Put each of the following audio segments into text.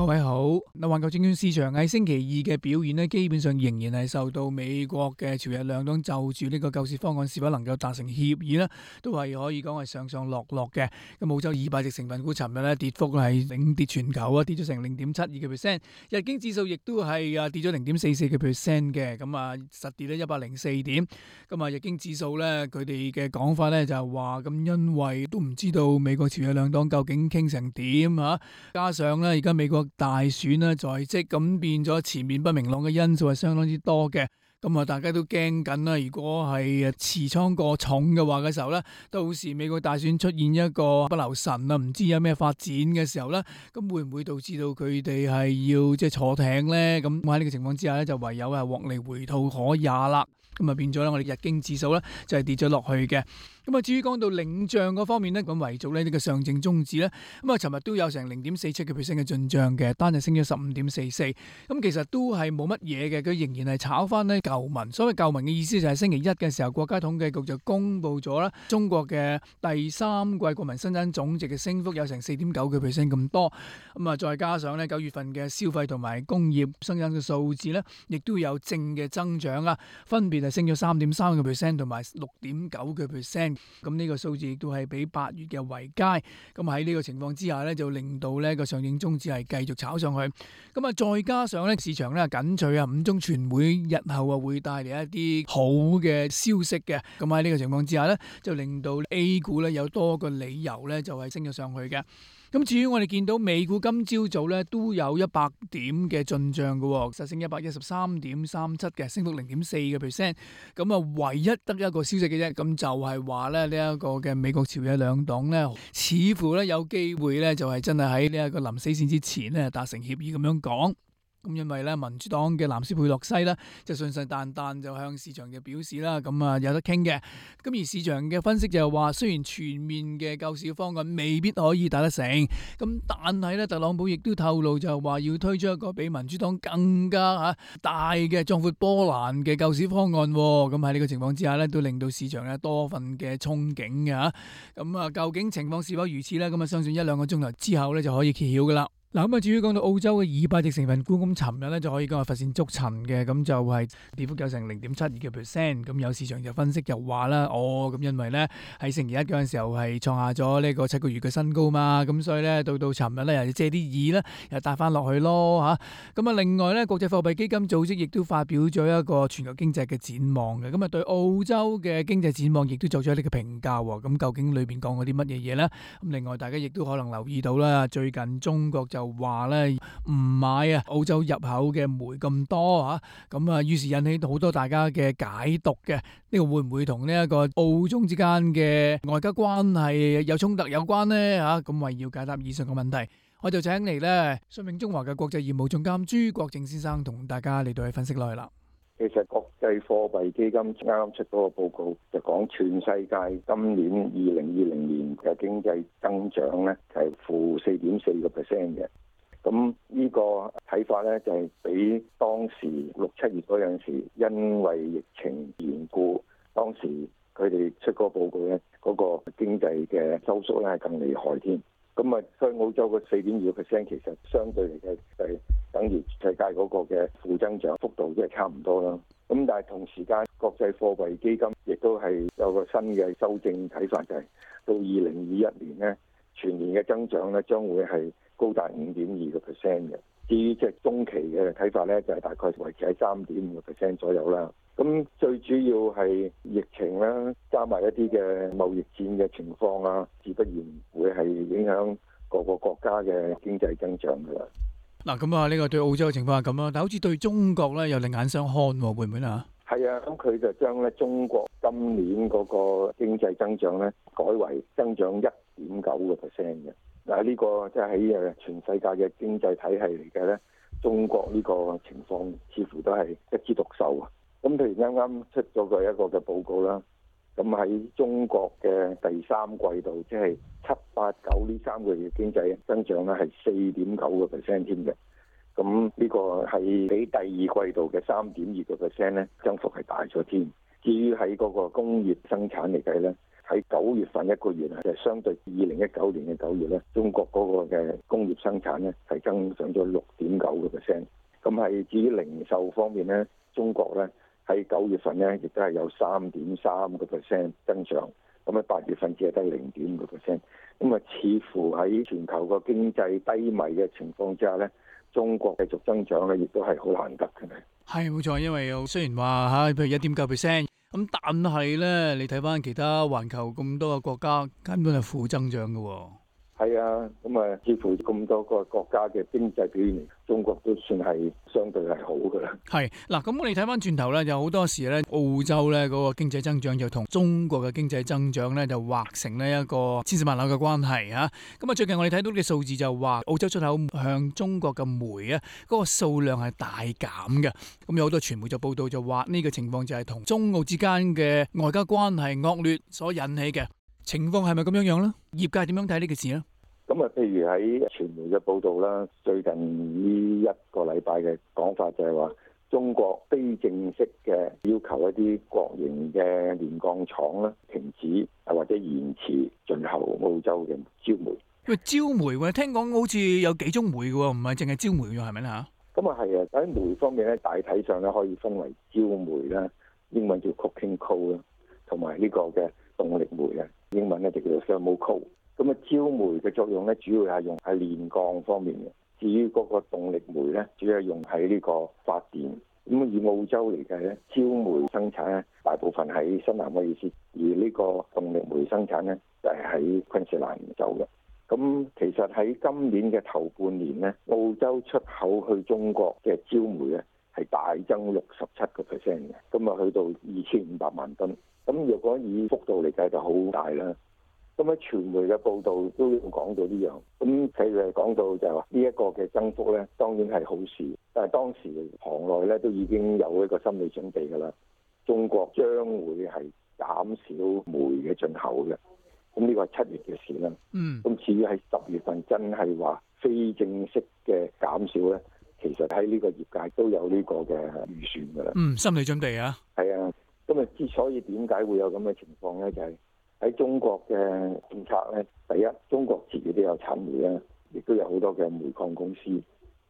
各位好，嗱，環球證券市場喺星期二嘅表現咧，基本上仍然係受到美國嘅朝野兩黨就住呢個救市方案達是否能夠達成協議呢都係可以講係上上落落嘅。咁澳洲二百隻成份股尋日咧跌幅係領跌全球啊，跌咗成零點七二嘅 percent，日經指數亦都係啊跌咗零點四四嘅 percent 嘅，咁啊實跌咗一百零四點。咁啊日經指數咧，佢哋嘅講法咧就係話咁，因為都唔知道美國朝野兩黨究竟傾成點啊，加上咧而家美國。大選啦，在即，咁變咗前面不明朗嘅因素係相當之多嘅，咁啊大家都驚緊啦。如果係持倉過重嘅話嘅時候咧，到時美國大選出現一個不留神啦，唔知有咩發展嘅時候咧，咁會唔會導致到佢哋係要即係坐艇咧？咁喺呢個情況之下咧，就唯有係獲利回吐可也啦。咁啊變咗咧，我哋日經指數咧就係跌咗落去嘅。咁啊，至於講到領漲嗰方面咧，咁維族咧呢個上證綜指咧，咁啊，尋日都有成零點四七嘅 percent 嘅進漲嘅，單日升咗十五點四四。咁其實都係冇乜嘢嘅，佢仍然係炒翻呢舊聞。所謂舊聞嘅意思就係星期一嘅時候，國家統計局就公布咗啦，中國嘅第三季國民生產總值嘅升幅有成四點九個 percent 咁多。咁啊，再加上咧九月份嘅消費同埋工業生產嘅數字咧，亦都有正嘅增長啊，分別係升咗三點三個 percent 同埋六點九個 percent。咁呢個數字亦都係比八月嘅為佳。咁喺呢個情況之下呢，就令到呢個上證綜指係繼續炒上去。咁啊，再加上呢市場呢緊脆啊，五中全會日後啊會帶嚟一啲好嘅消息嘅。咁喺呢個情況之下呢，就令到 A 股呢有多個理由呢就係升咗上去嘅。咁至於我哋見到美股今朝早呢都有一百點嘅進賬嘅，實升一百一十三點三七嘅，升幅零點四個 percent。咁啊，唯一得一個消息嘅啫，咁就係話。話咧呢一個嘅美國朝野兩黨咧，似乎咧有機會咧就係真係喺呢一個臨死線之前咧達成協議咁樣講。咁因為咧，民主黨嘅南希佩洛西呢，就信誓旦旦就向市場嘅表示啦，咁啊有得傾嘅。咁而市場嘅分析就係話，雖然全面嘅救市方案未必可以打得成，咁但係呢，特朗普亦都透露就係話要推出一個比民主黨更加嚇大嘅壯闊波瀾嘅救市方案。咁喺呢個情況之下呢，都令到市場有多份嘅憧憬嘅嚇。咁啊，究竟情況是否如此呢？咁啊，相信一兩個鐘頭之後呢，就可以揭曉嘅啦。嗱咁啊，至於講到澳洲嘅二百隻成分股，咁尋日咧就可以講話乏善足陳嘅，咁就係跌幅有成零點七二嘅 percent，咁有市場就分析又話啦，哦，咁因為咧喺星期一嗰陣時候係創下咗呢個七個月嘅新高嘛，咁所以咧到到尋日咧又借啲意咧又帶翻落去咯吓，咁啊，另外咧國際貨幣基金組織亦都發表咗一個全球經濟嘅展望嘅，咁啊對澳洲嘅經濟展望亦都作出一啲嘅評價，咁究竟裏邊講咗啲乜嘢嘢咧？咁、啊、另外大家亦都可能留意到啦，最近中國就就話咧唔買啊澳洲入口嘅煤，咁多吓，咁啊於是引起好多大家嘅解讀嘅，呢個會唔會同呢一個澳中之間嘅外交關係有衝突有關呢吓？咁為要解答以上嘅問題，我就請嚟咧信永中和嘅國際業務總監朱國正先生同大家嚟到去分析落去啦。其實國際貨幣基金啱啱出嗰個報告就講全世界今年二零二零年嘅經濟增長咧就係負四點四個 percent 嘅，咁呢個睇法咧就係比當時六七月嗰陣時因為疫情緣故，當時佢哋出嗰個報告咧嗰個經濟嘅收縮咧係更厲害添，咁啊所以澳洲嘅四點二個 percent 其實相對嚟嘅係。等於世界嗰個嘅負增長幅度都係差唔多啦。咁但係同時間國際貨幣基金亦都係有個新嘅修正睇法，就係到二零二一年咧，全年嘅增長咧將會係高達五點二個 percent 嘅。至於即係中期嘅睇法咧，就係大概維持喺三點五個 percent 左右啦。咁最主要係疫情啦，加埋一啲嘅貿易戰嘅情況啊，自不然會係影響各個國家嘅經濟增長㗎啦。嗱，咁啊，呢個對澳洲嘅情況係咁啦，但好似對中國咧又另眼相看，會唔會啊？係啊，咁佢就將咧中國今年嗰個經濟增長咧改為增長一點九個 percent 嘅。嗱，呢個即係喺誒全世界嘅經濟體系嚟嘅，咧，中國呢個情況似乎都係一枝獨秀啊。咁譬如啱啱出咗個一個嘅報告啦。咁喺中國嘅第三季度，即係七八九呢三個月經濟增長咧，係四點九個 percent 添嘅。咁呢個係比第二季度嘅三點二個 percent 咧，增幅係大咗添。至於喺嗰個工業生產嚟計咧，喺九月份一個月啊，就相對二零一九年嘅九月咧，中國嗰個嘅工業生產咧係增長咗六點九個 percent。咁係至於零售方面咧，中國咧。喺九月份咧，亦都係有三點三個 percent 增長。咁啊，八月份只係得零點五個 percent。咁啊，似乎喺全球個經濟低迷嘅情況之下咧，中國繼續增長咧，亦都係好難得嘅。係冇錯，因為雖然話吓，譬如一點九 percent 咁，但係咧，你睇返其他環球咁多嘅國家，根本係負增長嘅哦。係啊，咁啊，似乎咁多個國家嘅經濟表現，中國都算係相對係好嘅啦。係嗱，咁我哋睇翻轉頭咧，就好多時咧，澳洲咧嗰個經濟增長就同中國嘅經濟增長咧，就劃成呢一個千絲萬縷嘅關係嚇。咁啊，最近我哋睇到嘅數字就話，澳洲出口向中國嘅煤啊，嗰、嗰個數量係大減嘅。咁有好多傳媒就報道就話，呢個情況就係同中澳之間嘅外交關係惡劣所引起嘅情況，係咪咁樣樣呢？業界點樣睇呢個事呢？咁啊，譬如喺傳媒嘅報道啦，最近呢一個禮拜嘅講法就係話，中國非正式嘅要求一啲國營嘅煉鋼廠啦停止啊或者延遲進口澳洲嘅焦煤。喂，焦煤喎，聽講好似有幾種煤嘅喎，唔係淨係焦煤㗎，係咪咧？咁啊係啊，喺、嗯、煤方面咧，大體上咧可以分為焦煤啦，英文叫 cooking coal 啦，同埋呢個嘅動力煤啊，英文咧就叫做 thermal coal。咁啊，焦煤嘅作用咧，主要係用喺煉鋼方面嘅。至於嗰個動力煤咧，主要係用喺呢個發電。咁啊，以澳洲嚟計咧，焦煤生產咧，大部分喺新南威爾士；而呢個動力煤生產咧，就係喺昆士蘭州嘅。咁其實喺今年嘅頭半年咧，澳洲出口去中國嘅焦煤咧，係大增六十七個 percent 嘅。咁啊，去到二千五百萬噸。咁若果以幅度嚟計，就好大啦。咁樣傳媒嘅報道都講到呢樣，咁佢哋講到就係話呢一個嘅增幅咧，當然係好事。但係當時行內咧都已經有一個心理準備㗎啦，中國將會係減少煤嘅進口嘅。咁呢個係七月嘅事啦。嗯。咁至於喺十月份真係話非正式嘅減少咧，其實喺呢個業界都有呢個嘅預算㗎啦。嗯，心理準備啊。係啊。咁啊，之所以點解會有咁嘅情況咧，就係，喺中國嘅政策咧，第一中國自己都有產煤，啦，亦都有好多嘅煤礦公司，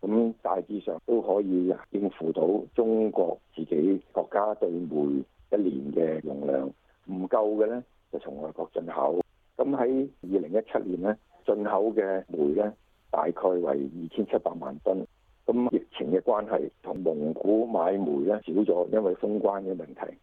咁大致上都可以應付到中國自己國家對煤一年嘅容量。唔夠嘅咧，就從外國進口。咁喺二零一七年咧，進口嘅煤咧大概為二千七百萬噸。咁疫情嘅關係，同蒙古買煤咧少咗，因為封關嘅問題。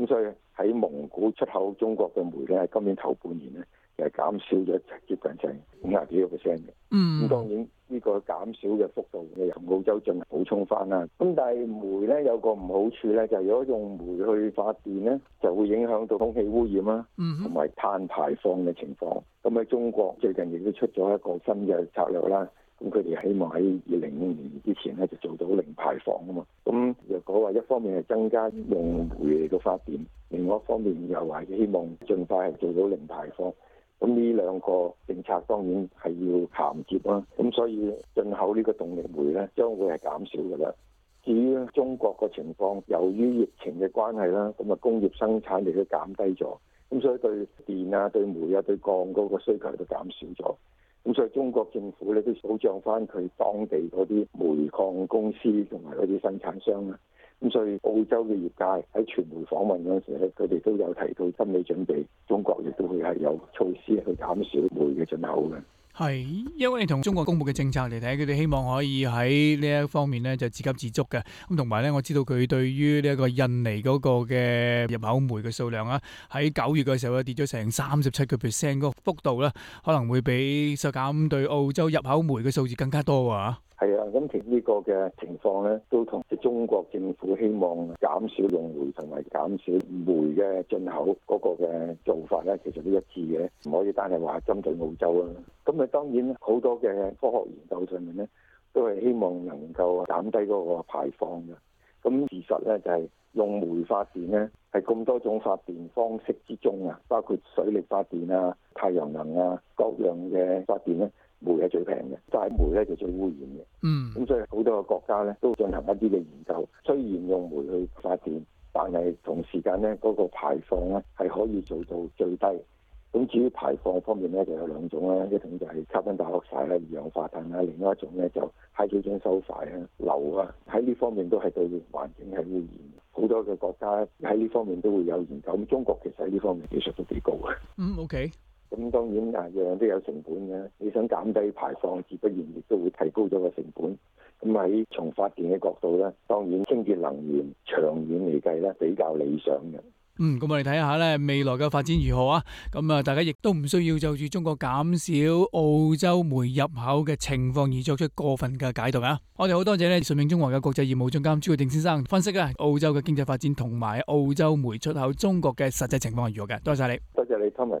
咁所以喺蒙古出口中國嘅煤咧，今年頭半年咧，其實減少咗直接近成五廿幾個 percent 嘅。嗯，咁、mm hmm. 當然呢個減少嘅幅度嘅由澳洲進行補充翻啦。咁但係煤咧有個唔好處咧，就係、如果用煤去發電咧，就會影響到空氣污染啦、啊，同埋、mm hmm. 碳排放嘅情況。咁喺中國最近亦都出咗一個新嘅策略啦。咁佢哋希望喺二零五年之前咧就做到零排放啊嘛，咁若果話一方面係增加用煤嘅發展，另外一方面又話希望盡快做到零排放，咁呢兩個政策當然係要銜接啦，咁所以進口呢個動力煤咧將會係減少嘅啦。至於中國嘅情況，由於疫情嘅關係啦，咁啊工業生產力都減低咗，咁所以對電啊、對煤啊、對鋼嗰個需求都減少咗。咁所以中國政府咧都保障翻佢當地嗰啲煤礦公司同埋嗰啲生產商啦。咁所以澳洲嘅業界喺傳媒訪問嗰陣時咧，佢哋都有提到心理準備，中國亦都會係有措施去減少煤嘅進口嘅。係，因為同中國公布嘅政策嚟睇，佢哋希望可以喺呢一方面咧就自給自足嘅。咁同埋咧，我知道佢對於呢一個印尼嗰個嘅入口煤嘅數量啊，喺九月嘅時候啊跌咗成三十七個 percent 嗰個幅度啦、啊，可能會比受減對澳洲入口煤嘅數字更加多喎。係啊，咁其實呢個嘅情況咧，都同中國政府希望減少用煤同埋減少煤嘅進口嗰個嘅做法咧，其實都一致嘅，唔可以單係話針對澳洲啊。咁啊，當然好多嘅科學研究上面咧，都係希望能夠減低嗰個排放㗎。咁其實咧就係、是、用煤發電咧，係咁多種發電方式之中啊，包括水力發電啊、太陽能啊、各樣嘅發電咧。煤係最平嘅，但係煤咧就最污染嘅。嗯，咁所以好多嘅國家咧都進行一啲嘅研究，雖然用煤去發電，但係同時間咧嗰個排放咧係可以做到最低。咁至於排放方面咧就有兩種啦：一種就係吸烷大化晒啊、二氧化碳啊，另外一種咧就太氣總收晒啊、硫啊，喺呢方面都係對環境係污染。好多嘅國家喺呢方面都會有研究，咁中國其實喺呢方面技術都幾高嘅。嗯，OK。咁當然啊，樣樣都有成本嘅。你想減低排放，自不然亦都會提高咗個成本。咁喺從發電嘅角度咧，當然清潔能源長遠嚟計咧比較理想嘅。嗯，咁我哋睇下咧未來嘅發展如何啊？咁啊，大家亦都唔需要就住中國減少澳洲煤入口嘅情況而作出過分嘅解讀啊！我哋好多謝咧信永中和嘅國際業務總監朱國正先生分析啊，澳洲嘅經濟發展同埋澳洲煤出口中國嘅實際情況係如何嘅。多謝你，多謝你，Thomas。